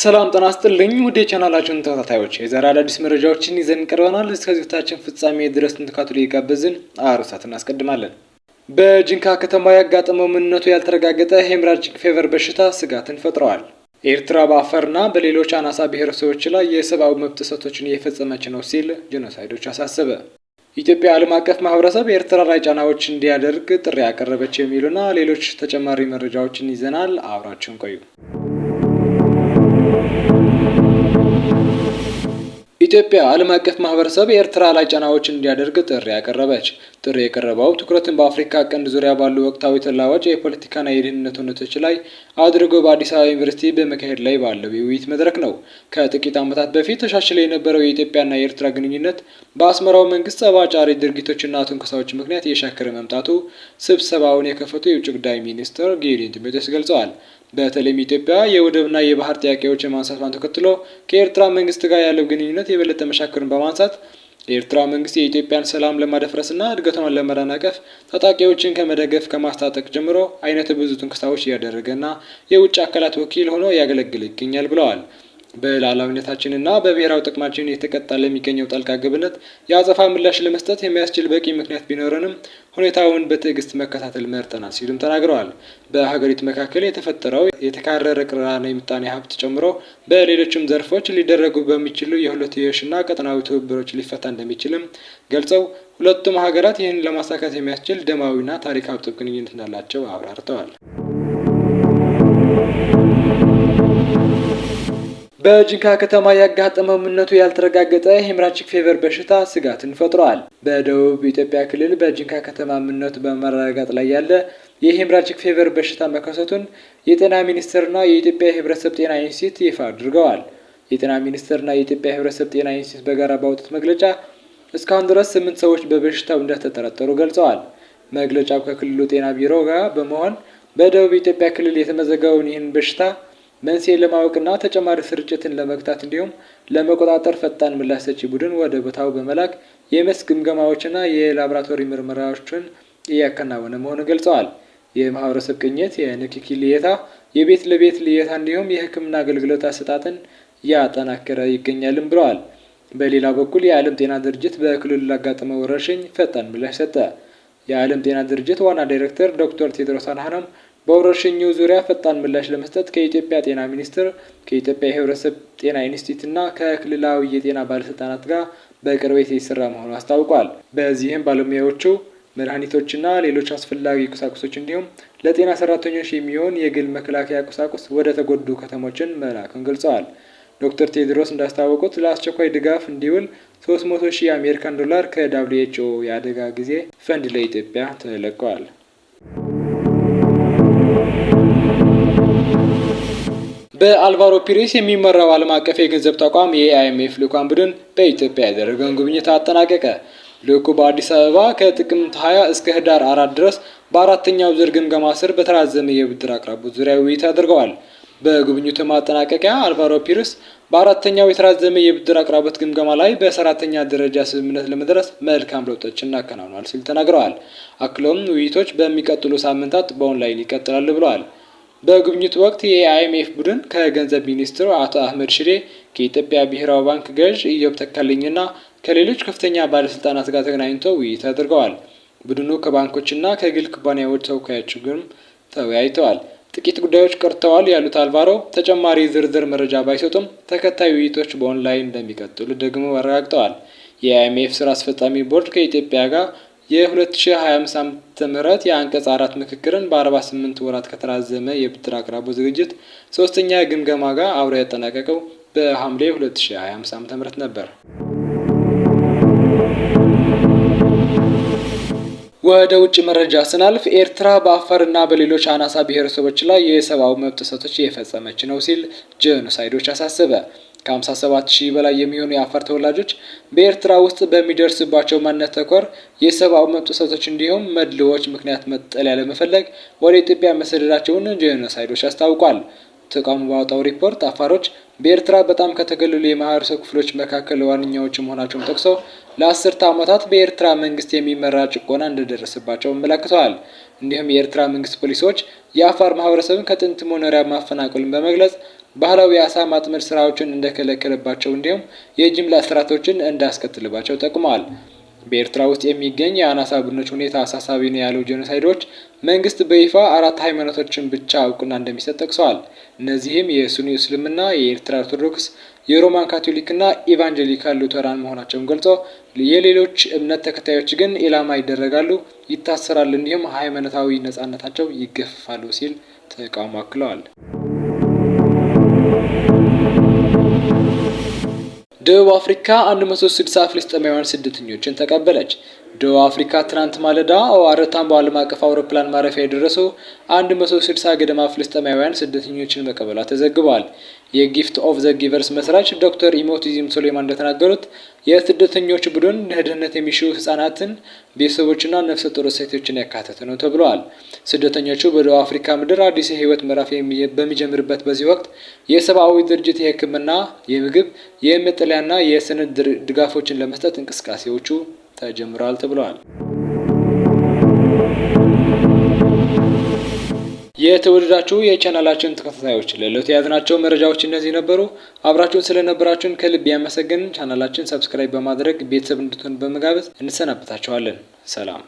ሰላም ጤና ይስጥልኝ ውድ የቻናላችን ተከታታዮች፣ የዛሬ አዳዲስ መረጃዎችን ይዘን ቀርበናል። እስከ ዝግጅታችን ፍጻሜ ድረስ እንድትከታተሉ እየጋበዝን አርዕስቱን እናስቀድማለን። በጅንካ ከተማ ያጋጠመው ምንነቱ ያልተረጋገጠ ሄምራጂክ ፌቨር በሽታ ስጋትን ፈጥረዋል። ኤርትራ በአፋርና በሌሎች አናሳ ብሔረሰቦች ላይ የሰብአዊ መብት ጥሰቶችን እየፈጸመች ነው ሲል ጄኖሳይዶች አሳሰበ። ኢትዮጵያ ዓለም አቀፍ ማህበረሰብ ኤርትራ ላይ ጫናዎች እንዲያደርግ ጥሪ ያቀረበች የሚሉና ሌሎች ተጨማሪ መረጃዎችን ይዘናል። አብራችን ቆዩ። ኢትዮጵያ ዓለም አቀፍ ማህበረሰብ የኤርትራ ላይ ጫናዎች እንዲያደርግ ጥሪ ያቀረበች። ጥሪ የቀረበው ትኩረትን በአፍሪካ ቀንድ ዙሪያ ባሉ ወቅታዊ ተለዋዋጭ የፖለቲካና የደህንነት ሁነቶች ላይ አድርጎ በአዲስ አበባ ዩኒቨርሲቲ በመካሄድ ላይ ባለው የውይይት መድረክ ነው። ከጥቂት ዓመታት በፊት ተሻሽለ የነበረው የኢትዮጵያና የኤርትራ ግንኙነት በአስመራው መንግስት ጸባጫሪ ድርጊቶችና ትንኮሳዎች ምክንያት እየሻከረ መምጣቱ ስብሰባውን የከፈቱ የውጭ ጉዳይ ሚኒስትር ጌዲዮን ጢሞቴዎስ ገልጸዋል። በተለይም ኢትዮጵያ የወደብና የባህር ጥያቄዎች የማንሳቷን ተከትሎ ከኤርትራ መንግስት ጋር ያለው ግንኙነት የበለጠ መሻከርን በማንሳት የኤርትራ መንግስት የኢትዮጵያን ሰላም ለማደፍረስና እድገቷን ለመዳናቀፍ ታጣቂዎችን ከመደገፍ ከማስታጠቅ ጀምሮ አይነት ብዙ ትንክሳዎች እያደረገና የውጭ አካላት ወኪል ሆኖ እያገለገለ ይገኛል ብለዋል። በሉዓላዊነታችንና በብሔራዊ ጥቅማችን የተቀጣ ለሚገኘው ጣልቃ ገብነት የአጸፋ ምላሽ ለመስጠት የሚያስችል በቂ ምክንያት ቢኖረንም ሁኔታውን በትዕግስት መከታተል መርጠናል ሲሉም ተናግረዋል። በሀገሪቱ መካከል የተፈጠረው የተካረረ ቅራኔ የምጣኔ ሀብት ጨምሮ በሌሎችም ዘርፎች ሊደረጉ በሚችሉ የሁለትዮሽና ቀጠናዊ ትብብሮች ሊፈታ እንደሚችልም ገልጸው ሁለቱም ሀገራት ይህንን ለማሳካት የሚያስችል ደማዊና ታሪካዊ ጥብቅ ግንኙነት እንዳላቸው አብራርተዋል። በጅንካ ከተማ ያጋጠመው ምነቱ ያልተረጋገጠ ሄምራችክ ፌቨር በሽታ ስጋትን ፈጥሯል። በደቡብ ኢትዮጵያ ክልል በጂንካ ከተማ ምነቱ በመረጋጋት ላይ ያለ የሄምራችክ ፌቨር በሽታ መከሰቱን የጤና ሚኒስቴርና የኢትዮጵያ ሕብረተሰብ ጤና ኢንስቲትዩት ይፋ አድርገዋል። የጤና ሚኒስቴርና የኢትዮጵያ ሕብረተሰብ ጤና ኢንስቲትዩት በጋራ ባወጡት መግለጫ እስካሁን ድረስ ስምንት ሰዎች በበሽታው እንደተጠረጠሩ ገልጸዋል። መግለጫው ከክልሉ ጤና ቢሮ ጋር በመሆን በደቡብ ኢትዮጵያ ክልል የተመዘገበውን ይህን በሽታ መንስኤ ለማወቅና ተጨማሪ ስርጭትን ለመግታት እንዲሁም ለመቆጣጠር ፈጣን ምላሽ ሰጪ ቡድን ወደ ቦታው በመላክ የመስክ ግምገማዎችና የላቦራቶሪ ምርመራዎችን እያከናወነ መሆኑን ገልጸዋል። የማህበረሰብ ቅኝት፣ የንክኪ ልየታ፣ የቤት ለቤት ልየታ እንዲሁም የሕክምና አገልግሎት አሰጣጥን እያጠናከረ ይገኛልም ብለዋል። በሌላ በኩል የዓለም ጤና ድርጅት በክልሉ ላጋጠመው ወረርሽኝ ፈጣን ምላሽ ሰጠ። የዓለም ጤና ድርጅት ዋና ዳይሬክተር ዶክተር ቴድሮስ አድሃኖም በወረርሽኙ ዙሪያ ፈጣን ምላሽ ለመስጠት ከኢትዮጵያ ጤና ሚኒስቴር፣ ከኢትዮጵያ የህብረተሰብ ጤና እና ከክልላዊ የጤና ባለስልጣናት ጋር በቅርበት የተሰራ መሆኑ አስታውቋል። በዚህም ባለሙያዎቹ መድኃኒቶችና ሌሎች አስፈላጊ ቁሳቁሶች እንዲሁም ለጤና ሰራተኞች የሚሆን የግል መከላከያ ቁሳቁስ ወደ ተጎዱ ከተሞችን መላክን ገልጸዋል። ዶክተር ቴድሮስ እንዳስታወቁት ለአስቸኳይ ድጋፍ እንዲውል 300 ሺህ የአሜሪካን ዶላር ከዳብሊው ኤች የአደጋ ጊዜ ፈንድ ለኢትዮጵያ ተለቀዋል። በአልቫሮ ፒሬስ የሚመራው ዓለም አቀፍ የገንዘብ ተቋም የአይኤምኤፍ ልዑካን ቡድን በኢትዮጵያ ያደረገውን ጉብኝት አጠናቀቀ። ልዑኩ በአዲስ አበባ ከጥቅምት 20 እስከ ህዳር አራት ድረስ በአራተኛው ዙር ግምገማ ስር በተራዘመ የብድር አቅራቦት ዙሪያ ውይይት አድርገዋል። በጉብኝቱ ማጠናቀቂያ አልቫሮ ፒርስ በአራተኛው የተራዘመ የብድር አቅራቦት ግምገማ ላይ በሰራተኛ ደረጃ ስምምነት ለመድረስ መልካም ለውጦች እናከናውኗል ሲል ተናግረዋል። አክለውም ውይይቶች በሚቀጥሉ ሳምንታት በኦንላይን ይቀጥላሉ ብለዋል። በጉብኝቱ ወቅት የአይኤምኤፍ ቡድን ከገንዘብ ሚኒስትሩ አቶ አህመድ ሽዴ፣ ከኢትዮጵያ ብሔራዊ ባንክ ገዥ ኢዮብ ተካልኝና ከሌሎች ከፍተኛ ባለስልጣናት ጋር ተገናኝቶ ውይይት አድርገዋል። ቡድኑ ከባንኮችና ከግል ኩባንያዎች ተወካዮች ጋርም ተወያይተዋል። ጥቂት ጉዳዮች ቀርተዋል ያሉት አልቫሮ ተጨማሪ ዝርዝር መረጃ ባይሰጡም ተከታዩ ውይይቶች በኦንላይን እንደሚቀጥሉ ደግሞ አረጋግጠዋል። የአይኤምኤፍ ስራ አስፈጻሚ ቦርድ ከኢትዮጵያ ጋር የ2025 ዓ ም የአንቀጽ አራት ምክክርን በ48 ወራት ከተራዘመ የብድር አቅራቦ ዝግጅት ሶስተኛ ግምገማ ጋር አብሮ ያጠናቀቀው በሐምሌ 2025 ዓ ም ነበር። ወደ ውጭ መረጃ ስናልፍ ኤርትራ በአፋርና በሌሎች አናሳ ብሔረሰቦች ላይ የሰብአዊ መብት ጥሰቶች እየፈጸመች ነው ሲል ጄኖሳይዶች አሳሰበ። ከ57 ሺህ በላይ የሚሆኑ የአፋር ተወላጆች በኤርትራ ውስጥ በሚደርስባቸው ማንነት ተኮር የሰብአዊ መብት ጥሰቶች እንዲሁም መድልዎች ምክንያት መጠለያ ለመፈለግ ወደ ኢትዮጵያ መሰደዳቸውን ጄኖሳይዶች አስታውቋል። ተቋሙ ባወጣው ሪፖርት አፋሮች በኤርትራ በጣም ከተገለሉ የማህበረሰብ ክፍሎች መካከል ዋነኛዎቹ መሆናቸውን ጠቅሰው ለአስርተ ዓመታት በኤርትራ መንግስት የሚመራ ጭቆና እንደደረሰባቸው አመላክተዋል። እንዲሁም የኤርትራ መንግስት ፖሊሶች የአፋር ማህበረሰብን ከጥንት መኖሪያ ማፈናቀሉን በመግለጽ ባህላዊ የአሳ ማጥመድ ስራዎችን እንደከለከለባቸው እንዲሁም የጅምላ ስርዓቶችን እንዳስከትልባቸው ጠቁመዋል። በኤርትራ ውስጥ የሚገኝ የአናሳ ቡድኖች ሁኔታ አሳሳቢ ነው ያለው ጄኖሳይዶች መንግስት በይፋ አራት ሃይማኖቶችን ብቻ እውቅና እንደሚሰጥ ጠቅሰዋል። እነዚህም የሱኒ እስልምና፣ የኤርትራ ኦርቶዶክስ፣ የሮማን ካቶሊክና ኢቫንጀሊካል ሉተራን መሆናቸውን ገልጾ የሌሎች እምነት ተከታዮች ግን ኢላማ ይደረጋሉ፣ ይታሰራል፣ እንዲሁም ሃይማኖታዊ ነጻነታቸው ይገፋሉ ሲል ተቃውሞ አክለዋል። ደቡብ አፍሪካ 160 ፍልስጤማውያን ስደተኞችን ተቀበለች። ደቡብ አፍሪካ ትናንት ማለዳ አዋረታን በዓለም አቀፍ አውሮፕላን ማረፊያ የደረሰው 160 ገደማ ፍልስጤማውያን ስደተኞችን መቀበሏ ተዘግቧል። የጊፍት ኦፍ ዘ ጊቨርስ መስራች ዶክተር ኢሞቲዝም ሶሌማን እንደተናገሩት የስደተኞች ቡድን ለደህንነት የሚሹ ህጻናትን፣ ቤተሰቦችና ነፍሰ ጡር ሴቶችን ያካተተ ነው ተብለዋል። ስደተኞቹ በደቡብ አፍሪካ ምድር አዲስ የህይወት ምዕራፍ በሚጀምርበት በዚህ ወቅት የሰብአዊ ድርጅት የህክምና፣ የምግብ፣ የመጠለያና የሰነድ ድጋፎችን ለመስጠት እንቅስቃሴዎቹ ተጀምረዋል ተብለዋል። የተወደዳችሁ የቻናላችን ተከታታዮች ለዕለቱ የያዝናቸው መረጃዎች እነዚህ ነበሩ። አብራችሁን ስለነበራችሁን ከልብ ያመሰግን ቻናላችን ሰብስክራይብ በማድረግ ቤተሰብ እንድትሆን በመጋበዝ እንሰናበታችኋለን። ሰላም